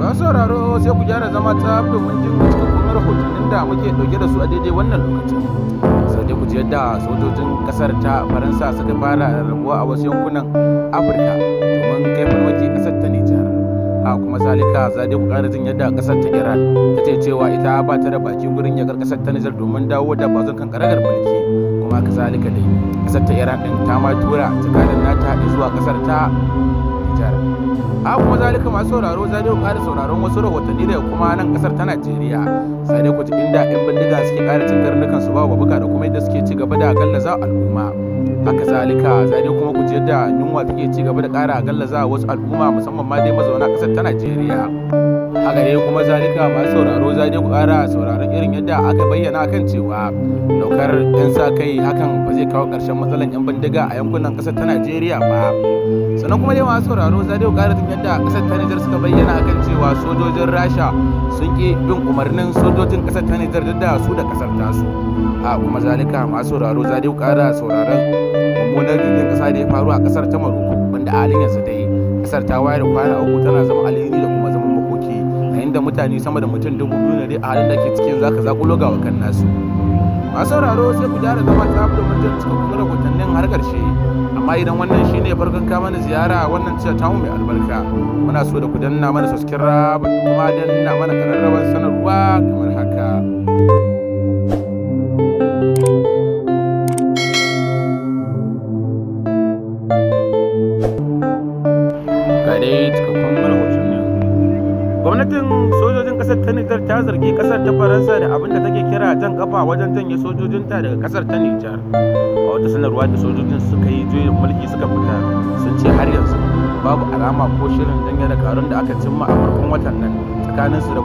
Ba sauraro sai ku gyara zama ta domin jin cikakkun rahotannin da muke dauke da su a daidai wannan lokacin. Sai dai ku ji yadda sojojin ƙasar ta Faransa suka fara rabuwa a wasu yankunan Afirka domin kai farmaki ƙasar ta Nijar. a kuma zalika za dai ku ƙara jin yadda ƙasar ta Iran ta ce cewa ita ba ta da baki gurin yakar ƙasar ta Nijar domin dawo da bazon kan mulki kuma kazalika dai ƙasar ta Iran ɗin ta ma tura tsakanin nata zuwa ƙasar ta Nijar. A kuma zalika masu sauraro za ku ƙara sauraron wasu rahotanni daga kuma nan ƙasar ta Najeriya. Sai dai ku inda 'yan bindiga suke ƙara cin karnukan su ba babuka da kuma yadda suke ci gaba da gallaza al'umma. Haka zalika za dai kuma ku ji yadda yunwa take ci gaba da ƙara gallaza wasu al'umma musamman ma dai mazauna ƙasar ta Najeriya. haka ne kuma zalika masu sauraro za ku a sauraron irin yadda aka bayyana kan cewa daukar yan sa kai hakan ba zai kawo ƙarshen matsalan yan bindiga a yankunan ƙasar ta najeriya ba sannan kuma dai masu sauraro za ku kara jin yadda ƙasar ta nijar suka bayyana akan cewa sojojin rasha sun ki bin umarnin sojojin ƙasar ta nijar da su da ƙasar tasu a kuma zalika masu sauraro za ku a sauraron mummunar jirgin ƙasa da ya faru a ƙasar ta maroko wanda a halin yanzu dai kasar ta wayar kwana uku tana zama alin inda mutane sama da mutum dubu biyu ne a halin da ke cikin zaka zakulo ga wakan nasu masu sauraro sai ku gyara zama ta da mutum cikin kuma rahotannin har karshe amma idan wannan shine farkon kama na ziyara wannan cewa tamu mai albarka muna so da ku danna mana subscribe kuma danna mana kararrawar sanarwa kamar haka. zargi kasar ta faransa da abin da take kira jan kafa wajen janye sojojinta daga kasar ta nijar a wata sanarwa da sojojin suka yi juyin mulki suka fita sun ce har yanzu babu alama ko shirin janye da karun da aka cimma a farkon watan nan tsakanin su da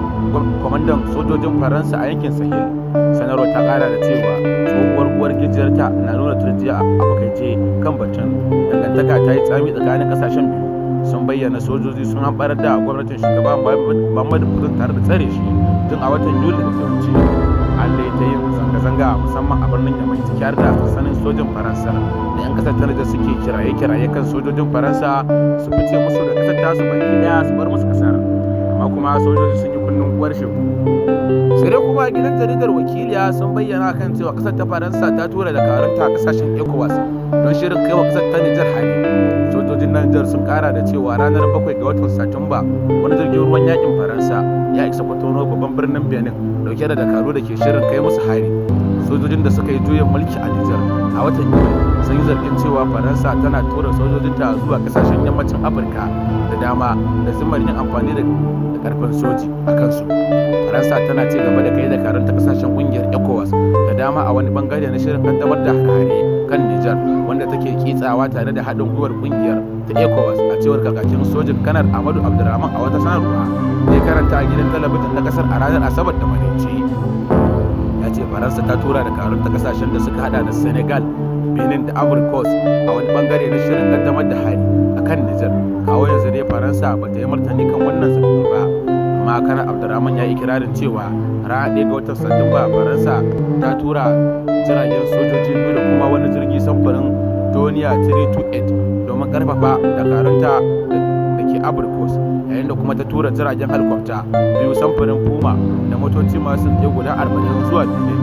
kwamandan sojojin faransa a yankin sahel sanarwa ta kara da cewa tsohuwar uwar gijiyarta na nuna turjiya a abokaice kan batun dangantaka ta yi tsami tsakanin kasashen biyu sun bayyana sojoji sun hamɓarar da gwamnatin shugaba Muhammadu Buhari tare da tsare shi tun a watan yuli da ta wuce an da ta yin zanga-zanga musamman a birnin yamai ciki har da sassanin sojin faransa da yan kasar tanaja suke kiraye-kiraye kan sojojin faransa su fice musu da kasar tasu baki daya su bar musu kasar amma kuma sojoji sun yi kunnen uwar shegu sai dai kuma gidan jaridar wakiliya sun bayyana kan cewa kasar ta faransa ta tura da karanta kasashen ecowas don shirin kai wa kasar ta nijar hali sojojin Niger sun kara da cewa ranar 7 ga watan Satumba wani jirgin ruwan yakin Faransa ya isa Kwatano babban birnin Benin dauke da dakaru da ke shirin kai musu hari. Sojojin da suka yi juyin mulki a Niger a watan Yuli sun yi zargin cewa Faransa tana tura sojojinta zuwa kasashen yammacin Afirka da dama da zimmar yin amfani da karfin soji a kansu. Faransa tana ci gaba da kai ta kasashen kungiyar ECOWAS da dama a wani bangare na shirin kaddamar da hare kan Nijar wanda take kitsawa tare da haɗin gwiwar kungiyar ta ECOWAS a cewar kakakin sojin kanar Ahmadu Abdulrahman a wata sanarwa ya karanta a gidan talabijin na kasar a ranar Asabar da Malinci. Ya ce Faransa ta tura da karun ta kasashen da suka hada da Senegal, Benin da Coast a wani bangare na shirin gaddamar da hari a kan Nijar. Kawo yanzu dai Faransa ba ta yi martani kan wannan zargi ba. amma kana abdurrahman ya yi kirarin cewa ranar ɗaya ga watan satumba faransa ta tura jiragen sojoji biyu da kuma wani jirgi samfurin doniya 328 domin karfafa dakarunta da ke abrikos yayin da kuma ta tura jiragen halikwafta biyu samfurin puma da motoci masu ɗaya guda arba'in zuwa duniya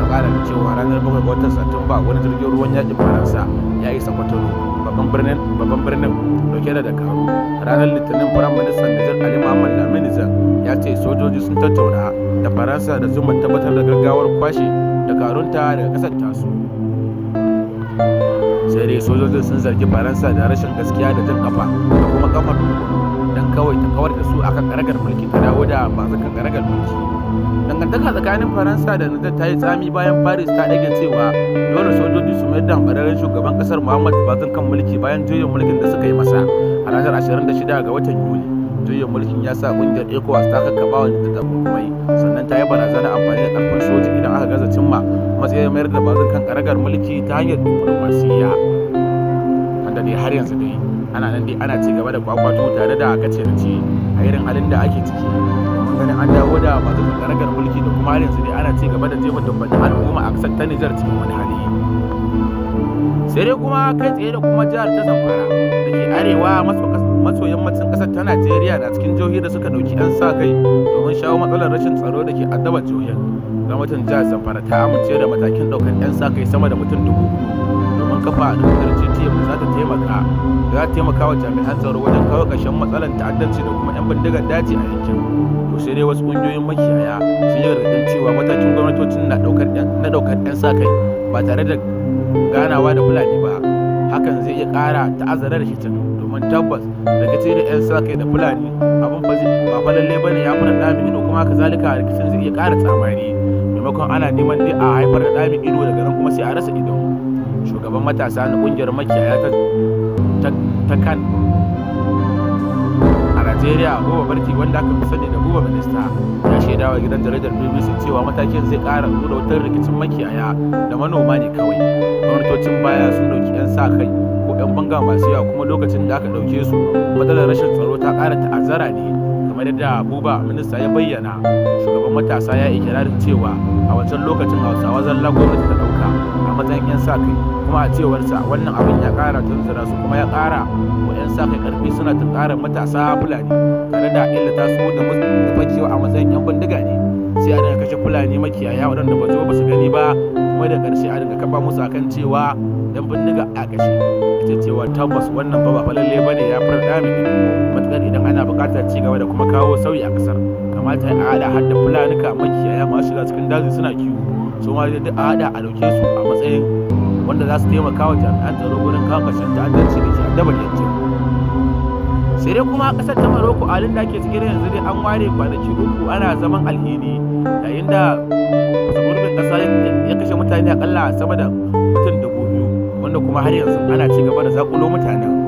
da ƙara cewa ranar bakwai ga watan satumba wani jirgin ruwan yaƙin faransa ya yi sakwatoro babban birnin babban birnin dauke da dakaru ranar litinin firaministan nijar ali muhammad laminizar ya ce sojoji sun tattauna da faransa da zuma tabbatar da gaggawar kwashe dakarunta daga kasar tasu sai dai sojoji sun zargi faransa da rashin gaskiya da jan kafa da kuma kafar don kawai ta kawar da su akan karagar mulki ta dawo da masu kan karagar mulki dangantaka tsakanin faransa da nijar ta yi tsami bayan paris ta ɗage cewa dole sojoji su mayar da hambararren shugaban kasar muhammadu bazin kan mulki bayan juyin mulkin da suka yi masa a ranar 26 ga watan yuli juyin mulkin ya sa ƙungiyar ecowas ta kakka bawa da takunkumai sannan ta yi barazana amfani da ƙarfin soji idan aka gaza cimma matsayin mayar da bazin kan karagar mulki ta hanyar diplomasiyya wanda dai har yanzu dai ana nan dai ana ci gaba da kwakwato tare da kace da a irin halin da ake ciki gani an dawo da masu karagar mulki da kuma har yanzu dai ana ci gaba da jefa dubban al'umma a ƙasar ta Nijar cikin wani hali sai dai kuma kai tsaye da kuma jihar ta Zamfara da ke arewa maso yammacin ƙasar ta Najeriya na cikin jihohi da suka ɗauki ɗan sa kai domin shawo matsalar rashin tsaro da ke addabar jihohin gwamnatin jihar Zamfara ta amince da matakin ɗaukar 'yan sa kai sama da mutum dubu domin kafa a dokar GTM da za ta taimaka za taimaka wa jami'an tsaro wajen kawo ƙarshen matsalar ta'addanci da kuma 'yan bindigar daji a yankin to sai dai wasu ƙungiyoyin makiyaya sun yi gargaɗin cewa matakin gwamnatocin na ɗaukar 'yan sa kai ba tare da ganawa da fulani ba hakan zai iya ƙara ta'azzarar rikicin domin tabbas rikici da 'yan sa kai da fulani abin ba fa lalle bane ya fara dami ido kuma haka zalika rikicin zai iya ƙara tsamari maimakon ana neman dai a haifar da dami ido daga nan kuma sai a rasa ido shugaban matasa na ƙungiyar makiyaya ta ta kan a najeriya buba barki wanda aka fi sani da buba minista ya shaida wa gidan jaridar bbc cewa matakin zai kara nuna wutar rikicin makiyaya da manoma ne kawai gwamnatocin baya sun dauki 'yan sa kai ko 'yan banga masu yawa kuma lokacin da aka dauke su matsalar rashin tsaro ta kara ta'azzara ne kamar yadda buba minista ya bayyana shugaban matasa ya ikirarin cewa a wancan lokacin hausawa zalla gwamnati amurka a matsayin 'yan sa kai kuma a cewarsa wannan abin ya kara tunzura su kuma ya kara wa 'yan sa kai karfi suna tunkarar matasa fulani tare da illa ta su da makewa a matsayin 'yan bindiga ne sai a daga kashe fulani makiyaya waɗanda ba zo ba su gani ba kuma da ƙarshe a daga kafa musu akan cewa dan bindiga a kashe ita cewa tabbas wannan ba ba lalle bane ya fara dami matsalar idan ana bukatar cigaba da kuma kawo sauyi a ƙasar kamata a haɗa har da fulanika makiyaya ma shiga cikin daji suna kiwo su ma da a haɗa a ɗauke su a matsayin wanda za su taimaka wa jami'an tsaro wurin kawo ƙarshen ta'addanci da a addaba yankin sai dai kuma ƙasar ta maroko halin da ake cikin yanzu dai an ware kwanaki uku ana zaman alhini yayin da gurbin ƙasa ya kashe mutane akalla sama da mutum dubu biyu wanda kuma har yanzu ana ci gaba da zakulo mutanen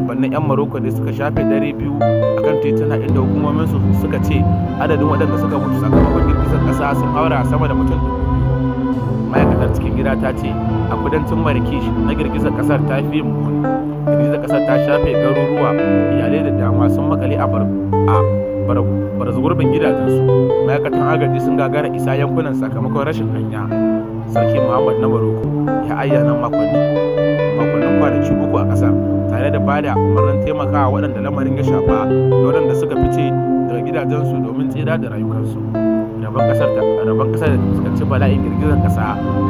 shugabannin 'yan maroko ne suka shafe dare biyu a kan titina inda hukumominsu suka ce adadin waɗanda suka mutu sakamakon girgizar ƙasa sun haura sama da mutum ma'aikatar cikin gida ta ce a kudancin marikish na girgizar ƙasar ta fi girgizar ƙasar ta shafe garuruwa iyalai da dama sun makale a barzugurbin gidajensu ma'aikatan agaji sun gagara isa yankunan sakamakon rashin hanya sarki muhammad na maroko ya ayyana makonni makonnin kwanaki uku a ƙasar tare da bada umarnin taimakawa waɗanda lamarin ya shafa da waɗanda suka fice daga gidajensu domin tsira da rayukansu rabon ƙasar ta rabon ƙasar da fuskanci bala'in girgizar ƙasa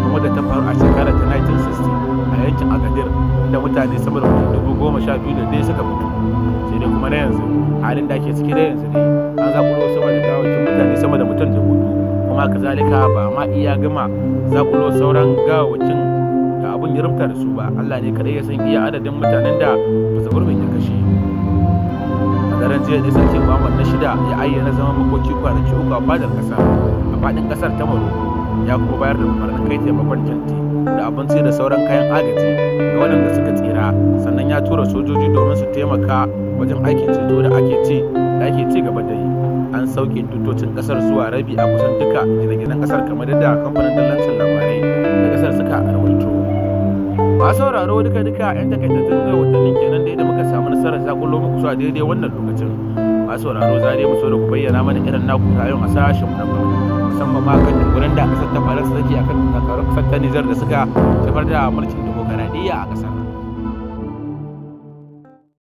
kuma da ta faru a shekarar ta 1960 a yankin agadir da mutane sama da mutum dubu goma sha biyu da dai suka mutu sai dai kuma na yanzu halin da ake ciki na yanzu dai an zakulo sama da gawakin mutane sama da mutum dubu kuma kazalika ba ma iya gama zakulo sauran gawakin gurbin ya da su ba Allah ne kadai ya san iya adadin mutanen da ba su gurbin ya kashe a daren jiya da sarki Muhammad na shida ya ayyana zaman makoki kwanaki uku a fadar kasa a fadin kasar ta Morocco ya kuma bayar da umarnin kai taimakon tanti da abinci da sauran kayan agaji ga waɗanda suka tsira sannan ya tura sojoji domin su taimaka wajen aikin ceto da ake ci da ake ci gaba da yi an sauke tutocin kasar zuwa rabi a kusan duka gine-ginen kasar kamar da kamfanin dallancin labarai da kasar suka arwato masu sauraro duka duka yan takaitattun da watannin kenan da yadda muka samu nasarar zakullo muku a daidai wannan lokacin masu sauraro za dai mu so da ku bayyana mana irin naku kayan a sashen mu na musamman ma kan dukkanin da aka ta faransa sarki a kan kasar ta da suka tafar da mulkin dimokuraɗiyya a ƙasar.